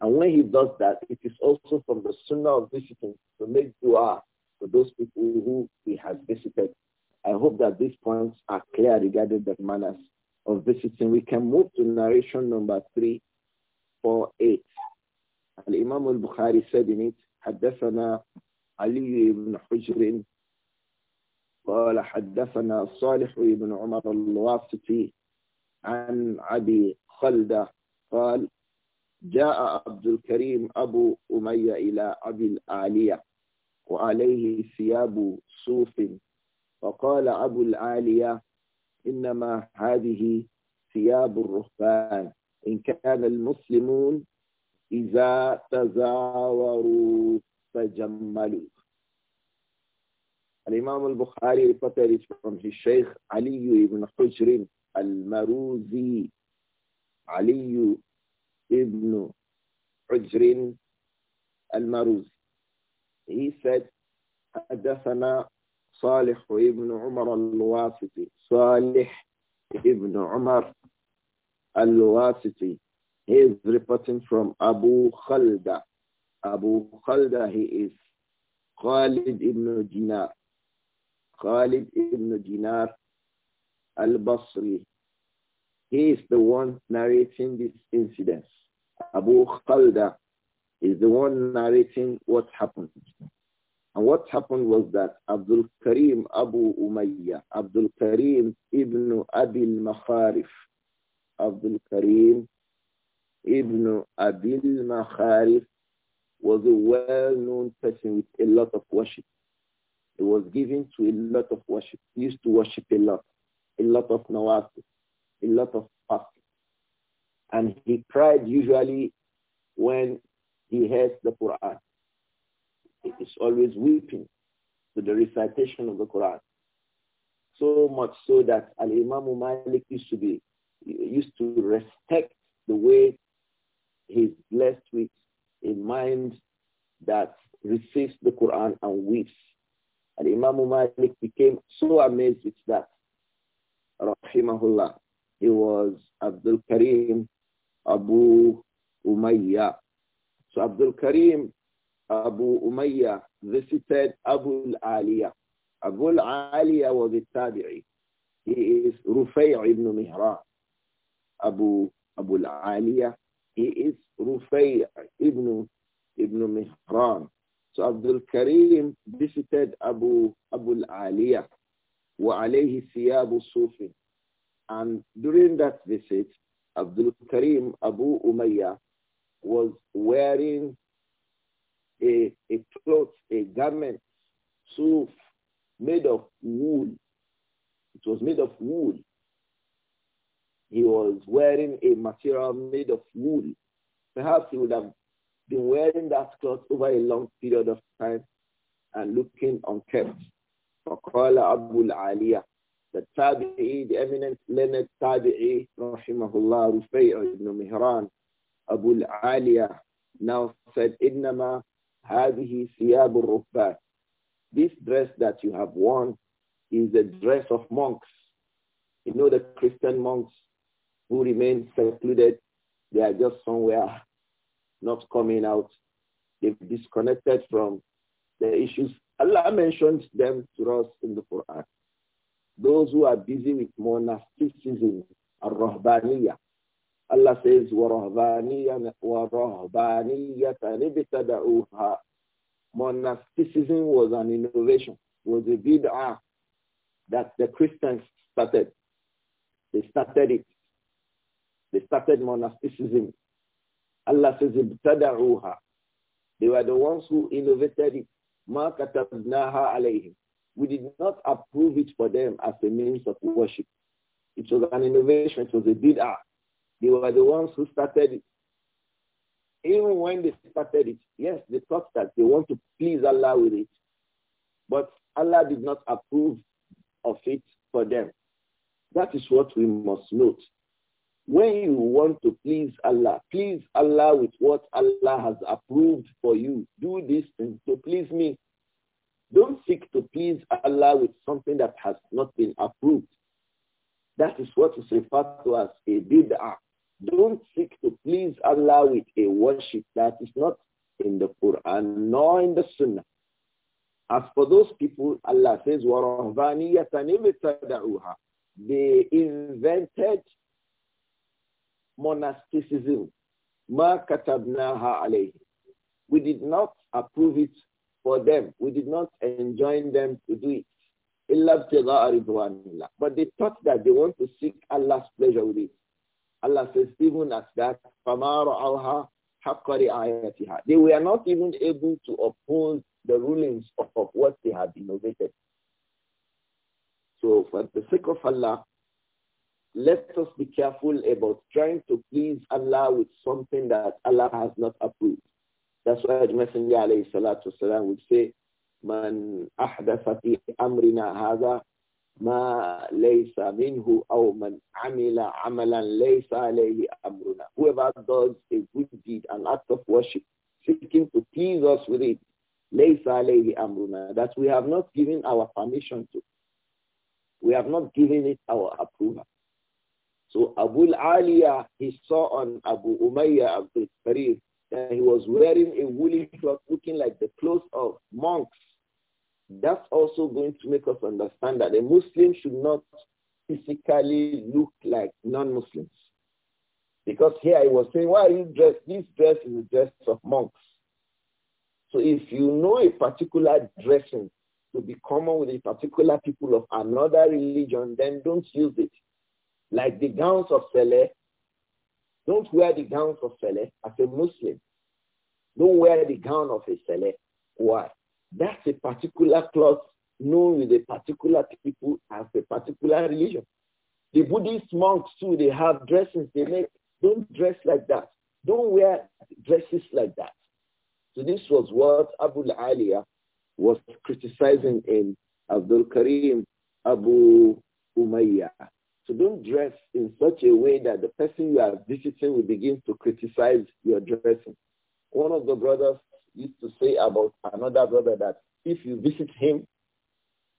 And when he does that, it is also from the sunnah of visiting to make dua for those people who he has visited. I hope that these points are clear regarding the manners of visiting. We can move to narration number 348. Al-Imam al-Bukhari said in it, حدثنا علي بن حجر قال حدثنا صالح بن عمر الواسطي عن أبي خلدة قال جاء عبد الكريم أبو أمية إلى أبي العالية وعليه ثياب صوف فقال أبو العالية إنما هذه ثياب الرهبان إن كان المسلمون إذا تزاوروا تجملوا Al-Imam al-Bukhari reported from his Shaykh Ali ibn Hujrin al-Maruzi. Ali ibn Hujrin al-Maruzi. He said, حدثنا صالح ابن عمر الواسطي صالح ابن عمر الواسطي he is reporting from Abu Khalda Abu Khalda he is Khalid ibn Dinar Khalid ibn Dinar al-Basri. He is the one narrating this incident. Abu Khalda is the one narrating what happened. And what happened was that Abdul Karim Abu Umayyah, Abdul Karim ibn Abil Makharif, Abdul Karim ibn Abil Makharif was a well-known person with a lot of worship was given to a lot of worship. He used to worship a lot, a lot of nawasi, a lot of fasting. And he cried usually when he heard the Quran. He is always weeping to the recitation of the Quran. So much so that Al-Imam Malik used to be, used to respect the way he's blessed with a mind that receives the Quran and weeps and Imam Malik became so amazed with that. Rahimahullah. He was Abdul Karim Abu Umayya. So Abdul Karim Abu Umayya visited Abu al-Aliyah. Abu al-Aliyah was a tabi'i. He is Rufay' ibn Mihran. Abu, Abu al-Aliyah. He is Rufay' ibn, ibn Mihran. So Abdul Karim visited Abu Abu Aliyah wa alayhi thiyabu sufin. And during that visit, Abdul Karim Abu Umayyah was wearing a, a cloth, a garment, suf, made of wool. It was made of wool. He was wearing a material made of wool. Perhaps he would have been wearing that cloth over a long period of time and looking unkept. فقال أبو العالية the Tabi'i, the eminent learned Tabi'i, rahimahullah, Rufay' ibn Mihran, Abu aliya now said, إِنَّمَا هَذِهِ ثِيَابُ الرُّكْبَاتِ This dress that you have worn is the dress of monks. You know the Christian monks who remain secluded, they are just somewhere not coming out. They've disconnected from the issues. Allah mentions them to us in the Quran. Those who are busy with monasticism, are rahbaniyah Allah says, وَرَهْبَانِيَةً Monasticism was an innovation, was a bid'ah that the Christians started. They started it. They started monasticism. Allah says, ibtada'uha. They were the ones who innovated it. Ma katabnaha alayhim. We did not approve it for them as a means of worship. It was an innovation. It was a bid'ah. They were the ones who started it. Even when they started it, yes, they thought that they want to please Allah with it. But Allah did not approve of it for them. That is what we must note. When you want to please Allah, please Allah with what Allah has approved for you. Do this thing to please me. Don't seek to please Allah with something that has not been approved. That is what is referred to as a bid'ah. Don't seek to please Allah with a worship that is not in the Quran nor in the Sunnah. As for those people, Allah says, They invented monasticism. We did not approve it for them. We did not enjoin them to do it. But they thought that they want to seek Allah's pleasure with it. Allah says, even as that, they were not even able to uphold the rulings of what they had innovated. So for the sake of Allah, let us be careful about trying to please Allah with something that Allah has not approved. That's why the Messenger alayhi salatu salam would say, Man ahdatha amrina hadha ma laysa minhu aw man amila amalan laysa alayhi amruna. Whoever does a good deed, an act of worship, seeking to please us with it, laysa alayhi amruna, that we have not given our permission to. We have not given it our approval. So Abu Aliya, he saw on Abu Umayyah Abdul Karim that he was wearing a woolly cloth looking like the clothes of monks. That's also going to make us understand that a Muslim should not physically look like non-Muslims. Because here I was saying, why are you dressed? This dress is the dress of monks. So if you know a particular dressing to be common with a particular people of another religion, then don't use it. Like the gowns of Saleh, don't wear the gowns of Saleh as a Muslim. Don't wear the gown of a Saleh. Why? That's a particular cloth known with a particular people as a particular religion. The Buddhist monks too, they have dresses they make. Don't dress like that. Don't wear dresses like that. So this was what Abu Aliya was criticizing in Abdul Karim Abu Umayyah so don't dress in such a way that the person you are visiting will begin to criticize your dressing. One of the brothers used to say about another brother that if you visit him,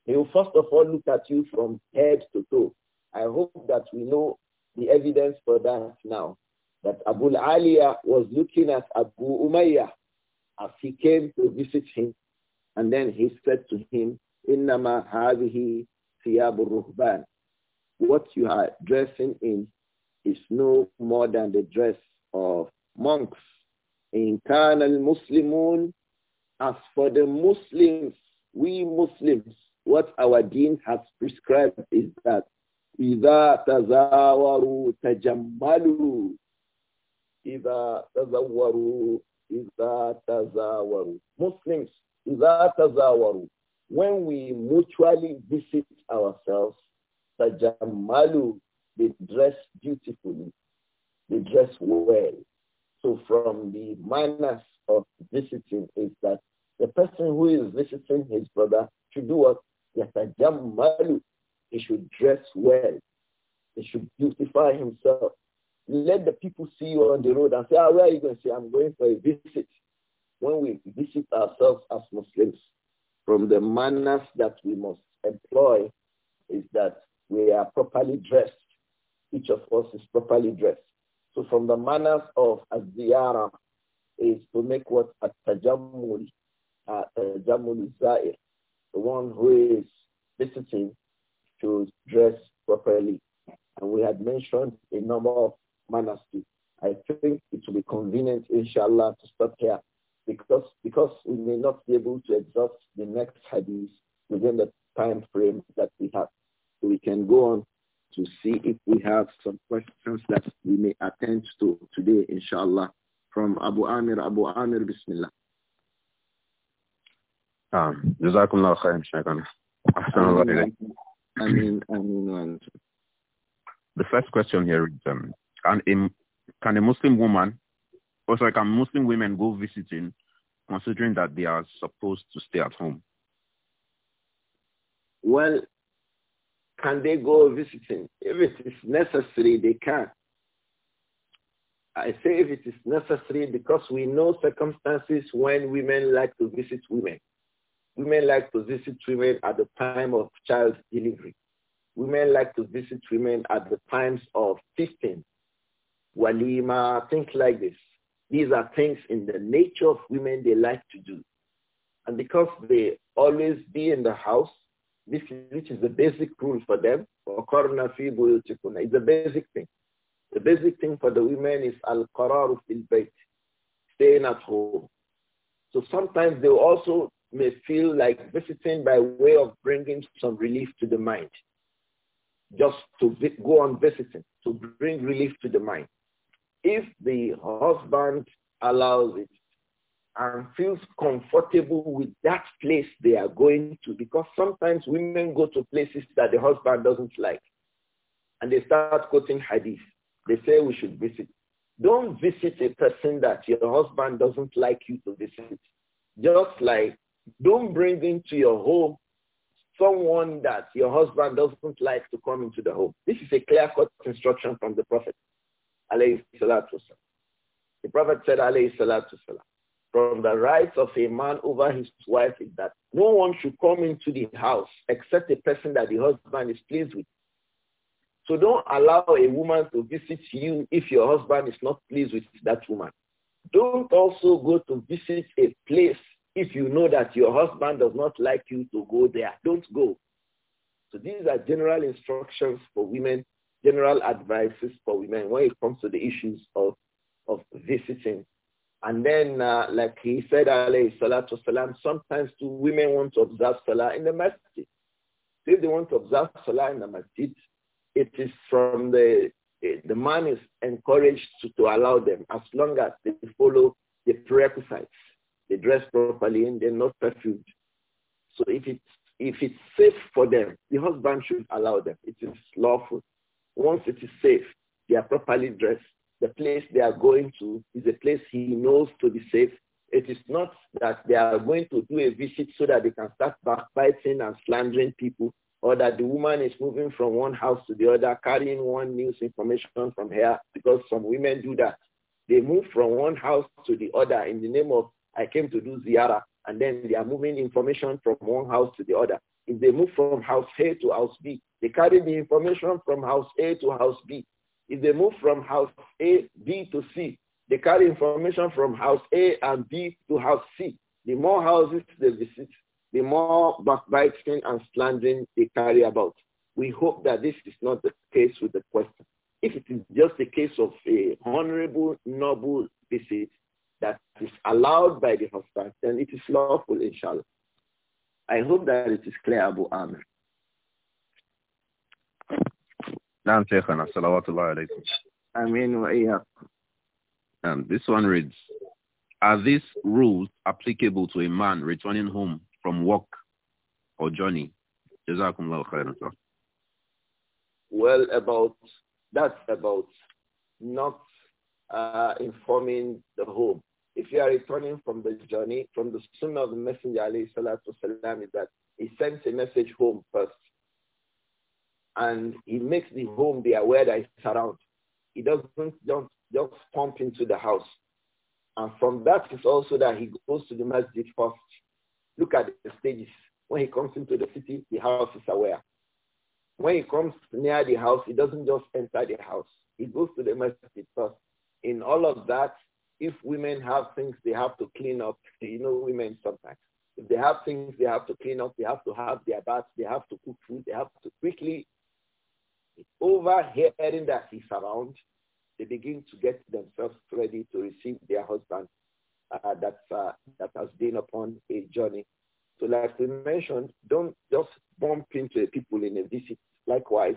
he will first of all look at you from head to toe. I hope that we know the evidence for that now, that Abu Aliya was looking at Abu Umayyah as he came to visit him. And then he said to him, Innama hadhihi thiyabu ruhban what you are dressing in is no more than the dress of monks. In Kana muslimun as for the Muslims, we Muslims, what our deen has prescribed is that إِذَا تَزَاوَرُوا تَجَمَّلُوا إِذَا تَزَوَّرُوا إِذَا تَزَاوَرُوا Muslims, إِذَا تَزَاوَرُوا When we mutually visit ourselves, Sajamalu, they dress beautifully, they dress well. So from the manners of visiting is that the person who is visiting his brother should do what? Sajamalu. He should dress well. He should beautify himself. Let the people see you on the road and say, ah, where are you going to say, I'm going for a visit. When we visit ourselves as Muslims, from the manners that we must employ is that we are properly dressed. Each of us is properly dressed. So from the manners of Aziyara is to make what a tajammul, a zair. The one who is visiting to dress properly. And we had mentioned a number of manners. I think it will be convenient, inshallah, to stop here because, because we may not be able to exhaust the next hadith within the time frame that we have we can go on to see if we have some questions that we may attend to today, inshallah, from Abu Amir. Abu Amir, Bismillah. Um, Jazakumullah جزاكم الله The first question here is um, can, a, can a Muslim woman or oh, sorry, can Muslim women go visiting considering that they are supposed to stay at home? Well, can they go visiting? If it is necessary, they can. I say if it is necessary because we know circumstances when women like to visit women. Women like to visit women at the time of child delivery. Women like to visit women at the times of feasting, walima, things like this. These are things in the nature of women they like to do. And because they always be in the house, this, which is the basic rule for them. وَقَرْنَ فِي It's the basic thing. The basic thing for the women is al-qararu fil bayt, staying at home. So sometimes they also may feel like visiting by way of bringing some relief to the mind. Just to go on visiting, to bring relief to the mind. If the husband allows it, and feels comfortable with that place they are going to because sometimes women go to places that the husband doesn't like and they start quoting hadith. They say we should visit. Don't visit a person that your husband doesn't like you to visit. Just like don't bring into your home someone that your husband doesn't like to come into the home. This is a clear-cut instruction from the Prophet. The Prophet said, alayhi salatu salam from the rights of a man over his wife is that no one should come into the house except a person that the husband is pleased with. So don't allow a woman to visit you if your husband is not pleased with that woman. Don't also go to visit a place if you know that your husband does not like you to go there. Don't go. So these are general instructions for women, general advices for women when it comes to the issues of, of visiting and then, uh, like he said, salatu salam, sometimes two women want to observe salah in the masjid. If they want to observe salah in the masjid, it is from the, eh, the man is encouraged to, to allow them as long as they follow the prerequisites. They dress properly and they're not perfumed. So if it's, if it's safe for them, the husband should allow them. It is lawful. Once it is safe, they are properly dressed the place they are going to is a place he knows to be safe. It is not that they are going to do a visit so that they can start backbiting and slandering people or that the woman is moving from one house to the other, carrying one news information from here, because some women do that. They move from one house to the other in the name of, I came to do ziyara, and then they are moving information from one house to the other. If they move from house A to house B, they carry the information from house A to house B. If they move from house A, B to C, they carry information from house A and B to house C. The more houses they visit, the more backbiting and slandering they carry about. We hope that this is not the case with the question. If it is just a case of a honorable, noble visit that is allowed by the husband, then it is lawful, inshallah. I hope that it is clear, Abu Amr. نعم شيخنا صلوات الله عليكم أمين um, This one reads Are these rules applicable to a man returning home from work or journey? جزاكم الله خيرا Well, about that, about not uh, informing the home. If you are returning from the journey, from the sunnah of the Messenger, والسلام, is that he sends a message home first and he makes the home be aware that it's around. He doesn't just, just pump into the house. And from that is also that he goes to the masjid first. Look at the stages. When he comes into the city, the house is aware. When he comes near the house, he doesn't just enter the house. He goes to the masjid first. In all of that, if women have things they have to clean up, you know women sometimes. If they have things they have to clean up, they have to have their baths, they have to cook food, they have to quickly overhearing that he's around, they begin to get themselves ready to receive their husband uh, that, uh, that has been upon a journey. So like we mentioned, don't just bump into people in a visit. Likewise,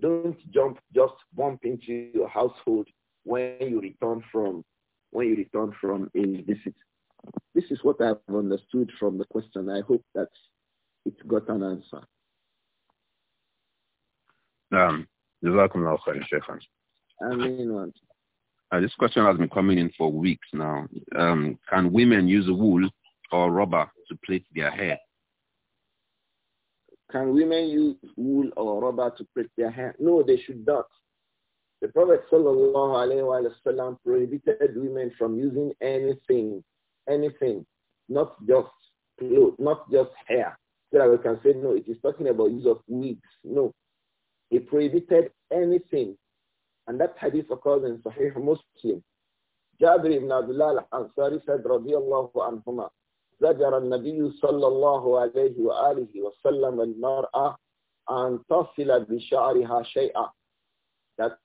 don't jump, just bump into your household when you return from when you return from a visit. This is what I've understood from the question. I hope that it got an answer. Um, Jazakumullah khairan, Shaykhan. Ameen. Uh, this question has been coming in for weeks now. Um, can women use wool or rubber to plait their hair? Can women use wool or rubber to plait their hair? No, they should not. The Prophet wasallam prohibited women from using anything, anything, not just clothes, not just hair. So that we can say, no, it is talking about use of wigs. No, he prohibited anything. And that hadith occurs in Sahih Muslim. Jabir ibn Abdullah al-Ansari said, radiyallahu anhuma, زجر النبي صلى الله عليه وآله وسلم المرأة أن تصل بشعرها شيئا. That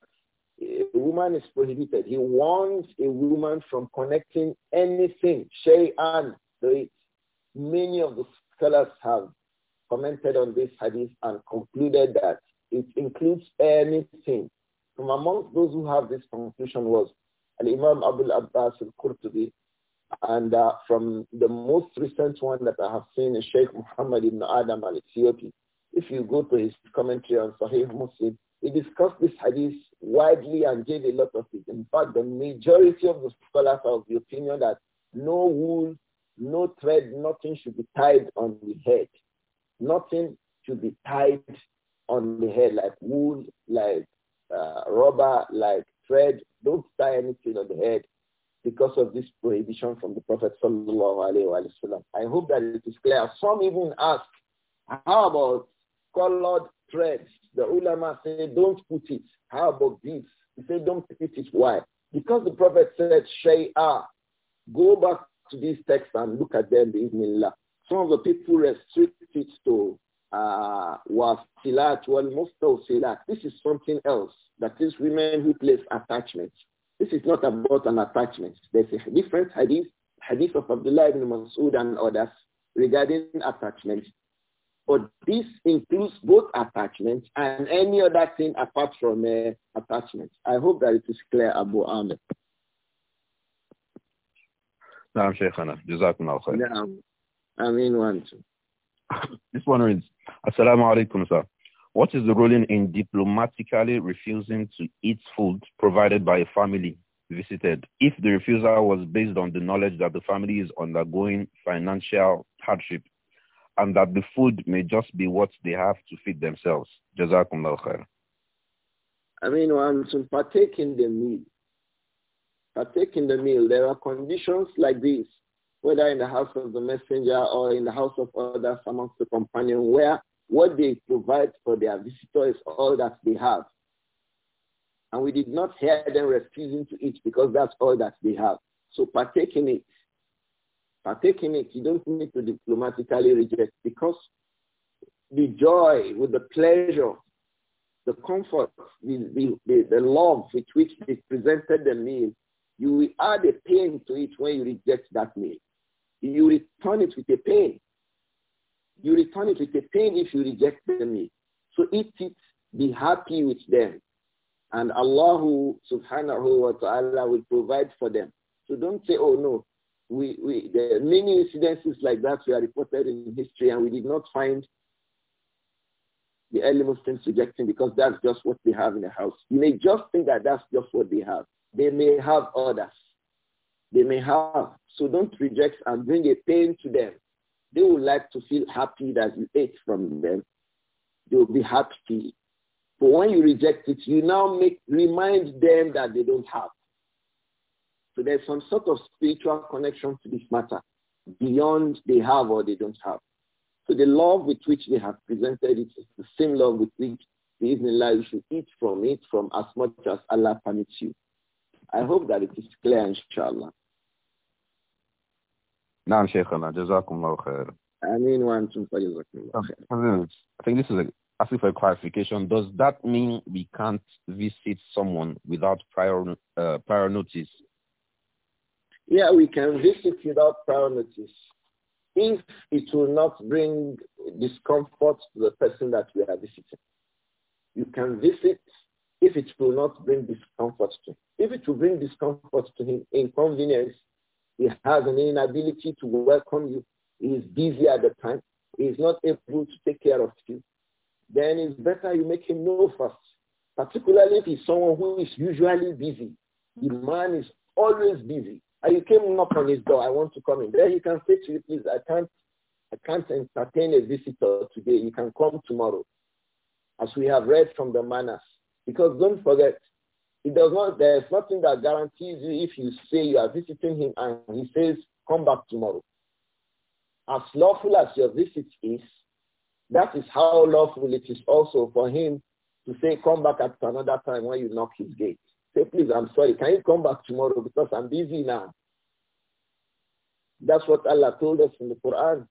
a woman is prohibited. He warns a woman from connecting anything, shay'an, to it. Many of the scholars have commented on this hadith and concluded that it includes anything. From among those who have this conclusion was imam Abul Abbas al-Qurtubi. And uh, from the most recent one that I have seen is Sheikh Muhammad ibn Adam al-Ethiopi. If you go to his commentary on Sahih Muslim, he discussed this hadith widely and gave a lot of it. In fact, the majority of the scholars are of the opinion that no wool, no thread, nothing should be tied on the head. Nothing should be tied on the head like wool, like uh, rubber, like thread. Don't tie anything on the head because of this prohibition from the Prophet sallallahu alaihi wasallam. I hope that it is clear. Some even ask, how about colored threads? The ulama say, don't put it. How about this? He say, don't put it. Why? Because the Prophet said, Shay'a. Go back to these texts and look at them, bi'idhnillah. Some of the people restrict it to uh, wasilat wal mustawsilat. This is something else. That is women who place attachments. This is not about an attachment. There's a different hadith, hadith of Abdullah ibn Mas'ud and others regarding attachments. But this includes both attachments and any other thing apart from uh, attachments. I hope that it is clear, Abu Ahmed. نعم شيخنا جزاكم الله خير. نعم. I one too. This one reads, Assalamu alaikum, sir. What is the ruling in diplomatically refusing to eat food provided by a family visited if the refusal was based on the knowledge that the family is undergoing financial hardship and that the food may just be what they have to feed themselves? Jazakumullah khair. I mean, once you partake in the meal, partake in the meal, there are conditions like this whether in the house of the messenger or in the house of others amongst the companion, where what they provide for their visitor is all that they have. And we did not hear them refusing to eat because that's all that they have. So partake in it. Partake in it. You don't need to diplomatically reject because the joy, with the pleasure, the comfort, the, the, the love with which they presented the meal, you will add a pain to it when you reject that meal you return it with a pain. You return it with a pain if you reject them. So eat it, be happy with them. And Allah subhanahu wa ta'ala will provide for them. So don't say, oh no, we, we, there are many incidences like that we are reported in history and we did not find the early Muslims rejecting because that's just what they have in the house. You may just think that that's just what they have. They may have others they may have. So don't reject and bring a pain to them. They would like to feel happy that you ate from them. They will be happy. But when you reject it, you now make remind them that they don't have. So there's some sort of spiritual connection to this matter beyond they have or they don't have. So the love with which they have presented it is the same love with which the Israelite you should eat from it from as much as Allah permits you. I hope that it is clear, inshallah. نعم شيخنا جزاكم الله خير آمين وأنتم I think this is a asking for a clarification. Does that mean we can't visit someone without prior uh, prior notice? Yeah, we can visit without prior notice if it will not bring discomfort to the person that we are visiting. You can visit if it will not bring discomfort to him. If it will bring discomfort to him, inconvenience, he has an inability to welcome you. He is busy at the time. He is not able to take care of you. Then it's better you make him know first, particularly if he's someone who is usually busy. The man is always busy. And you came knock on his door, I want to come in. Then he can say to you, please, I can't, I can't entertain a visitor today. You can come tomorrow. As we have read from the manners. Because don't forget, does not, there's nothing that guarantees you if you say you are visiting him and he says, come back tomorrow. As lawful as your visit is, that is how lawful it is also for him to say, come back at another time when you knock his gate. Say, please, I'm sorry, can you come back tomorrow because I'm busy now. That's what Allah told us in the Quran.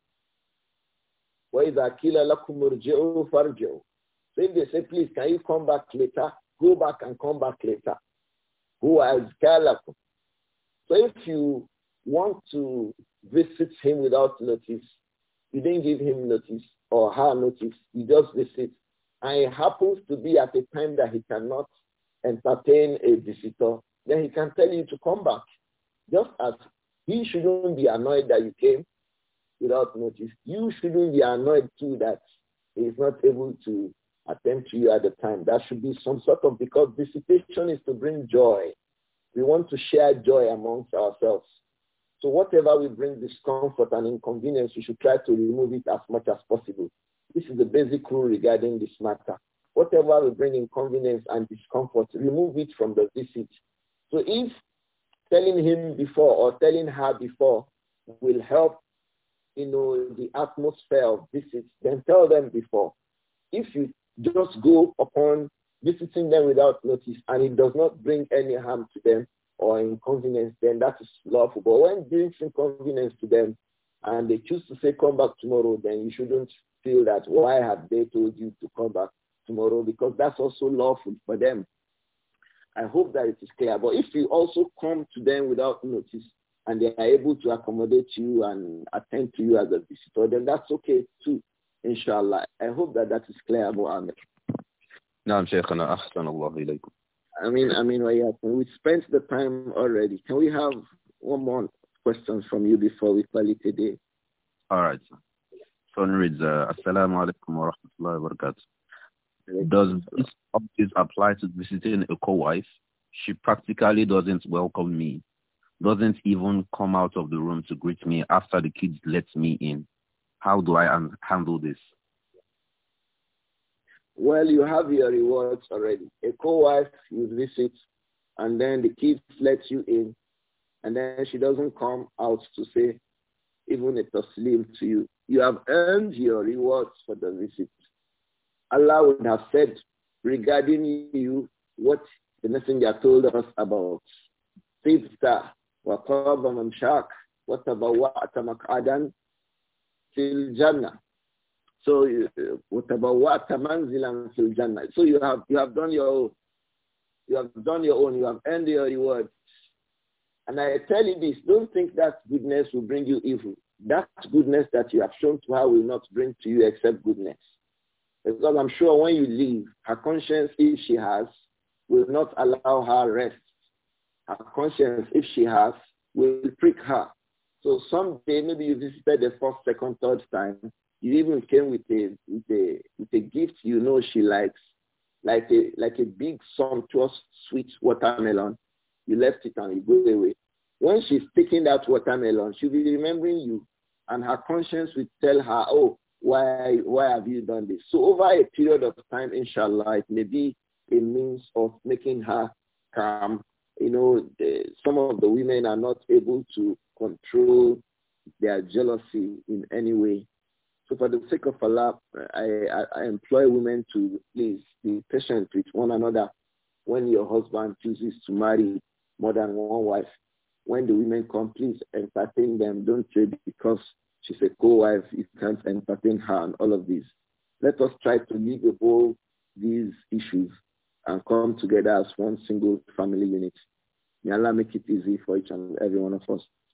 وَإِذَا كِيلَ لَكُمْ ارْجِعُوا فَارْجِعُوا So if they say, please, can you come back later? Go back and come back later. Who has Galakum? So if you want to visit him without notice, you didn't give him notice or her notice, you just visit. And it happens to be at a time that he cannot entertain a visitor, then he can tell you to come back. Just as he shouldn't be annoyed that you came without notice, you shouldn't be annoyed too that he is not able to attend to you at the time. That should be some sort of, because visitation is to bring joy. We want to share joy amongst ourselves. So whatever we bring discomfort and inconvenience, we should try to remove it as much as possible. This is the basic rule regarding this matter. Whatever we bring inconvenience and discomfort, remove it from the visit. So if telling him before or telling her before will help, you know, the atmosphere of visits, then tell them before. If you just go upon visiting them without notice and it does not bring any harm to them or inconvenience, then that is lawful. But when it brings inconvenience to them and they choose to say come back tomorrow, then you shouldn't feel that why have they told you to come back tomorrow because that's also lawful for them. I hope that it is clear. But if you also come to them without notice and they are able to accommodate you and attend to you as a visitor, then that's okay too. Inshallah. I hope that that is clear, Abu Amir. نعم شيخنا أحسن الله إليكم. I mean, I mean, we spent the time already. Can we have one more question from you before we call it a day? All right. Sir. reads, uh, Assalamu alaikum wa rahmatullahi wa barakatuh. Does this apply to visiting a co-wife? She practically doesn't welcome me, doesn't even come out of the room to greet me after the kids let me in. How do I handle this? Well, you have your rewards already. A co-wife you visit, and then the kids let you in, and then she doesn't come out to say even a taslim to you. You have earned your rewards for the visit. Allah would have said regarding you what the messenger told us about. Sifta wa fil jannah. So وَتَبَوَّأْتَ مَنْزِلًا فِي Jannah, So you have, you have done your You have done your own. You have earned your reward. And I tell you this, don't think that goodness will bring you evil. That goodness that you have shown to her will not bring to you except goodness. Because I'm sure when you leave, her conscience, if she has, will not allow her rest. Her conscience, if she has, will prick her. So someday, maybe you visited the first, second, third time. You even came with a, with a, with a gift you know she likes, like a, like a big, sumptuous, sweet watermelon. You left it and you go away. When she's taking that watermelon, she'll be remembering you. And her conscience will tell her, oh, why, why have you done this? So over a period of time, inshallah, it may be a means of making her calm. You know, the, some of the women are not able to control their jealousy in any way. So for the sake of Allah, I, I, I employ women to please be patient with one another when your husband chooses to marry more than one wife. When the women come, please entertain them. Don't say because she's a co-wife, you can't entertain her and all of this. Let us try to leave above these issues and come together as one single family unit. May Allah make it easy for each and every one of us.